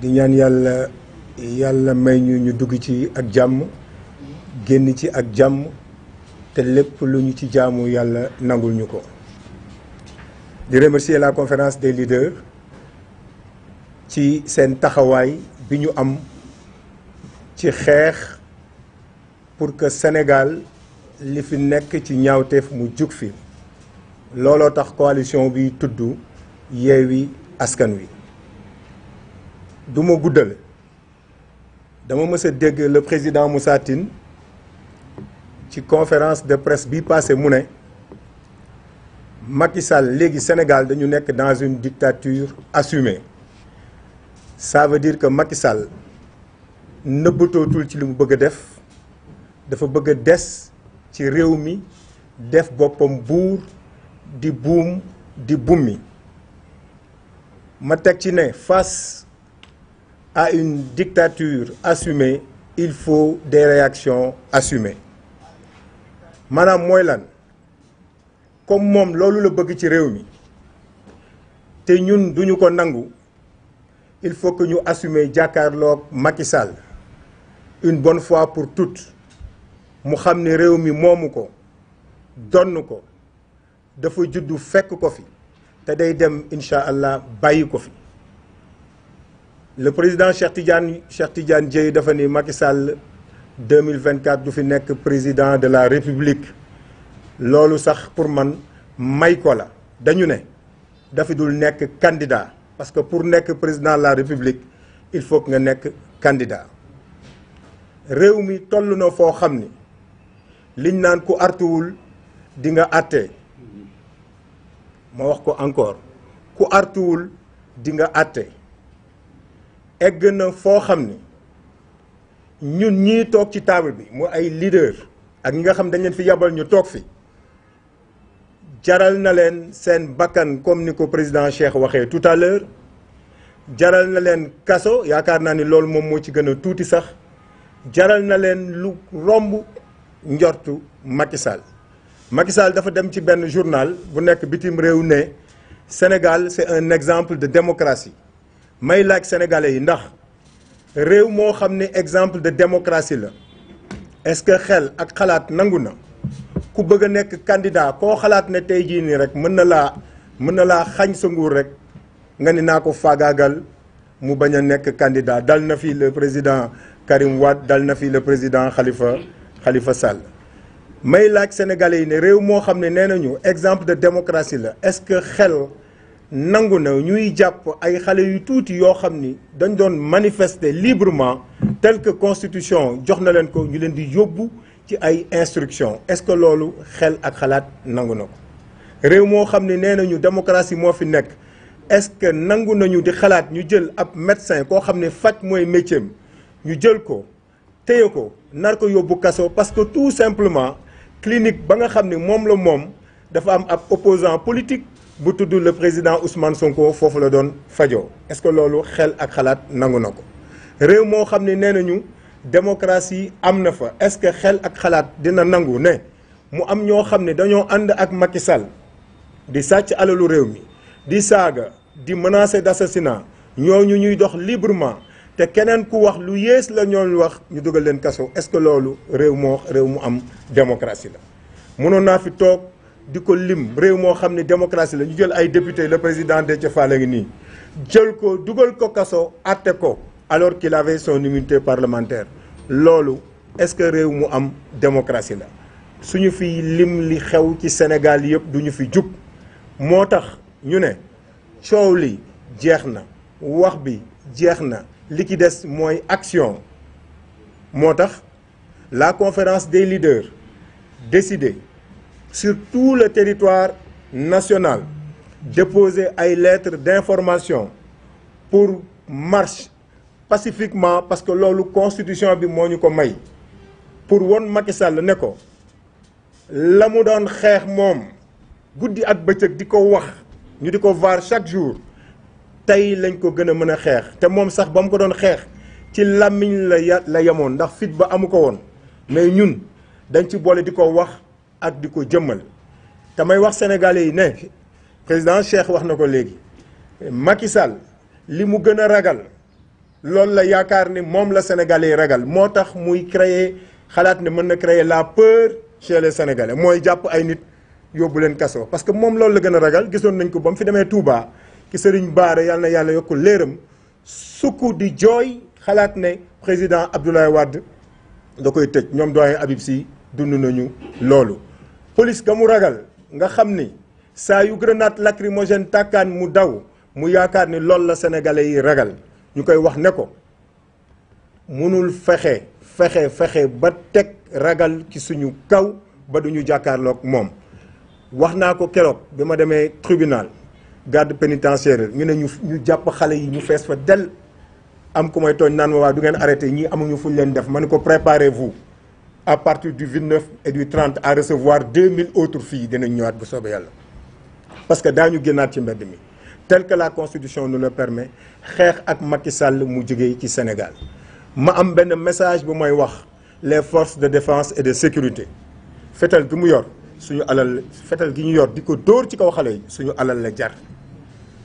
di ñaan yàlla yàlla may ñu ñu dugg ci ak jàmm génn ci ak jàmm te lépp lu ñu ci jaamu yàlla nangul ñu ko di remercier la conférence des leaders ci seen taxawaay bi ñu am ci xeex pour que senegaal li fi nekk ci ñaawteef mu jug fi looloo tax coalition bi tudd yeewi Askan Wi duma guddal dama mës dégg la président Moussa Tine ci conférence de presse bi passé mu ne Macky Sall léegi Sénégal dañu nekk dans une dictature assumée ça veut dire que Macky Sall nëbbatootul ci li mu bëgg def dafa bëgg des ci réew mi def boppam buur di buum di bummi ma teg ci ne fas à une dictature assumée il faut des réactions assumées maanaam mooy lan comme moom loolu la bëgg ci réew mi te ñun duñu ko nangu il faut que ñu assumé jàkkaarloog Macky Sall une bonne fois pour tout mu xam ne réew mi moomu ko donn ko dafa juddu fekk ko fi te day dem incha allah bàyyi ko fi le président Cheikh Tidiane Cheikh tijan Dièye dafa ni Macky Sall 2024 du fi nekk président de la république loolu sax pour man may ko la dañu ne dafa dul nekk candidat parce que pour nekk président de la république il faut que nga nekk candidat réew mi toll na foo xam ni liñ naan ku artuwul di nga àtte ma wax ko encore ku artuwul di nga àtte egg na foo xam ni ñun ñii toog ci table bi mu ay leader ak ñi nga xam dañ fi yabal ñu toog fi jaral na leen seen bakkan comme ni ko président Cheikh waxee tout jaral na leen kaso yaakaar naa ni loolu moom moo ci gën a tuuti sax jaral na leen lu romb njortu Macky Sall Macky dafa dem ci benn journal bu nekk bitim réew ne Sénégal c'est un exemple de démocratie may laaj sénégalais yi ndax réew moo xam ne exemple de démocratie la est-ce que xel ak xalaat nangu na ku bëgg a nekk candidat koo xalaat ne tey jii nii rek mën na laa mën na laa xañ sa nguur rek nga ni naa ko faagaagal mu bañ a nekk candidat dal na fi le président Karim Wade dal na fi le président Khalifa Khalifa Sall may laaj sénégalais yi ne réew moo xam ne nee nañu exemple de démocratie la est-ce que xel nangu na ñuy jàpp ay xale yu tuuti yoo xam ni dañ doon manifester librement tel que constitution jox na leen ko ñu leen di yóbbu ci ay instruction est-ce que loolu xel ak xalaat nangu na ko réew moo xam ne nee nañu démocratie moo fi nekk est nangu nañu di xalaat ñu jël ab médecin koo xam ne faj mooy métier ñu jël ko téye ko nar ko yóbbu kaso parce que tout simplement clinique ba nga xam ne moom la moom dafa am ab opposant politique bu tudd le président Ousmane Sonko foofu la doon fajoo est-ce que loolu xel ak xalaat nangu na ko réew moo xam ne nee nañu démocratie am na fa est-ce que xel ak xalaat dina nangu ne mu am ñoo xam ne dañoo ànd ak Macky Sall di sàcc alalu réew mi di saaga di menacer d'assassinat ñu ñuy dox librement te keneen ku wax lu yées la wax ñu dugal leen kaso est-ce que loolu réew moo réew mu am démocratie la mënoon fi toog. di ko lim réew moo xam ne démocratie la ñu jël ay député la président Déthié Fall a ngi nii jël ko dugal ko kaso atte ko alors qu'il avait son immunité parlementaire loolu est-ce que réew mu am démocratie la suñu fi lim li xew ci Sénégal yëpp ñu fi jub moo tax ñu ne coow li jeex na wax bi jeex na li ci des mooy action moo tax la conférence des leaders décidé sur tout le territoire national déposer ay lettres d'information pour marche pacifiquement parce que loolu constitution bi moo ñu ko may pour won Macky Sall ne ko la mu doon xeex moom guddi ak bëccëg di ko wax ñu di ko vaar chaque jour tey lañ ko gën a mën a xeex te moom sax ba mu ko doon xeex ci làmmiñ la ya la yemoon ndax fit ba amu ko woon mais ñun dañ ci boole di ko wax ak di ko jëmmal damay wax sénégalais yi ne président Cheikh wax na ko léegi Macky Sall li mu gën a ragal loolu la yaakaar ni moom la sénégalais yi ragal moo tax muy créer xalaat ne mën na créer la peur chez les mooy jàpp ay nit yóbbu leen kaso parce que moom loolu la gën a ragal gisoon nañ ko ba mu fi demee Touba ki Serigne Baara yàlla na yàlla yokk léeram sukk di jooy xalaat ne président Abdoulaye Wade da koy tëj ñoom doyen Habib Sy dund nañu loolu police ga mu ragal nga xam ni saa yu grenade lacrymogène tàkkaan mu daw mu yaakaar ni loolu la sénégalais yi ragal ñu koy wax ne ko mënul fexe fexe fexe ba teg ragal ci suñu kaw ba duñu jàkkaarlook moom wax naa ko keroog bi ma demee tribunal garde pénitentiaire ñu ne ñu ñu jàpp xale yi ñu fees fa del am ku may tooñ naan ma waa du ngeen arrêté ñii amuñu fuñ leen def ma ne ko préparez-vous à partir du 29 et du 30 à recevoir 2000 autres filles dinañ ñëwaat bu soobee yàlla parce que daañu génnaat ci mbedd mi tel que la constitution nous le permet xeex ak Macky sàll mu jógee ci Sénégal ma am benn message bu mooy wax les force de défense et de sécurité fetal gi mu yor suñu alal fetal gi ñu yor di ko dóor ci kaw xale yi suñu alal la jar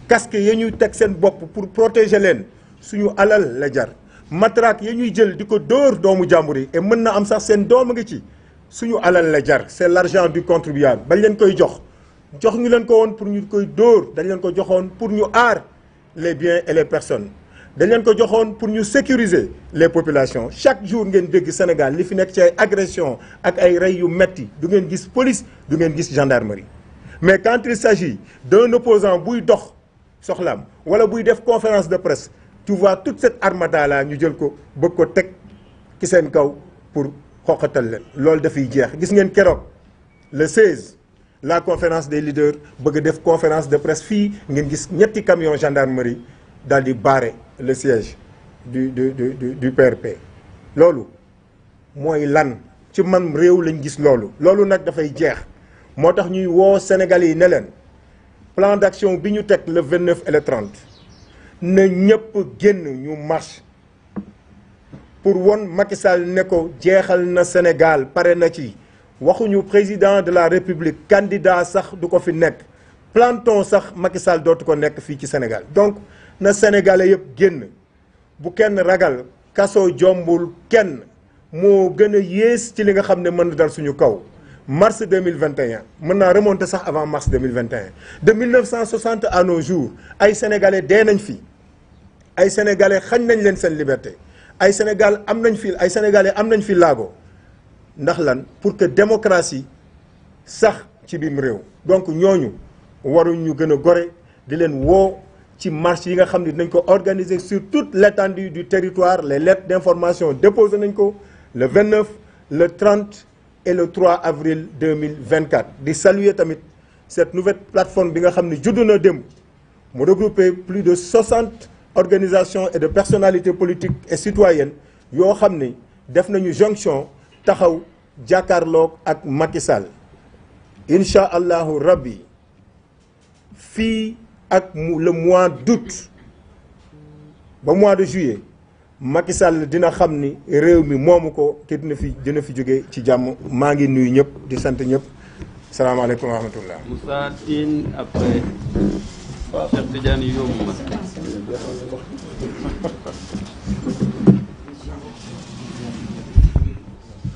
casque yi ñuy teg seen bopp pour protéger leen suñu alal la jar matraque ya ñuy jël di ko dóor doomu jàmbur yi et mën na am sax seen doom a ngi ci suñu alal la jar c'est l'argent du contribuable bañ leen koy jox jox ñu leen ko woon pour ñu koy dóor dañ leen ko joxoon pour ñu aar les biens et les personnes dañ leen ko joxoon pour ñu sécuriser les populations chaque jour ngeen dégg Sénégal li fi nekk ci ay agression ak ay rey yu metti du ngeen gis police du ngeen gis gendarmerie mais quand il s'agit d'un opposant buy dox soxlaam wala buy def conférence de presse tu vois toute cette armada là ñu jël ko bëgg ko teg ci seen kaw pour xoqatal leen loolu dafay jeex gis ngeen keroog le 16 la conférence des leaders bëgg def conférence de presse fii ngeen gis ñetti camion gendarmerie daal di barrer le siège du du du PRP. loolu mooy lan ci man réew lañ gis loolu loolu nag dafay jeex moo tax ñuy woo sénégal yi ne leen plan d'action bi ñu teg le 29 et le 30. na ñëpp génn ñu marche pour won Macky Sall ne ko jeexal na Sénégal pare na ci waxuñu président de la République candidat sax du ko fi nekk planton sax Macky Sall dootu ko nekk fii ci Sénégal donc na sénégalais yëpp génn bu kenn ragal kaso jombul kenn moo gën a yées ci li nga xam ne mën na dal suñu kaw mars 2021 mën naa remonter sax avant mars 2021 de 1960 à nos jours ay sénégalais dee nañ fi. ay sénégalais xañ nañ leen seen liberté ay sénégal am nañ fi ay sénégalais am nañ fi laago ndax lan pour que démocratie sax ci biim réew donc ñooñu waruñu gën a gore di leen woo ci marche yi nga xam ne dinañ ko organiser surtout toute l'étendue du territoire les lettres d'information déposé nañ ko le 29 le 30 et le 3 avril 2024 di saluer tamit cette nouvelle plateforme bi nga xam ne judd na démb mu regrouper plus de 60 organisation et de personnalités politique et citoyennes yoo xam ni def nañu jonction taxaw jàkkaarloog ak Macky Sall incha allahu rabbi fii ak le mois d'août ba mois de juillet Macky Sall dina xam ni réew mi moomu ko te dina fi dina fi jóge ci jàmm maa ngi nuyu ñëpp di sant ñëpp salaamaaleykum wa rahmatullah. Moussa waaw Cheikh Tidiane yomb ma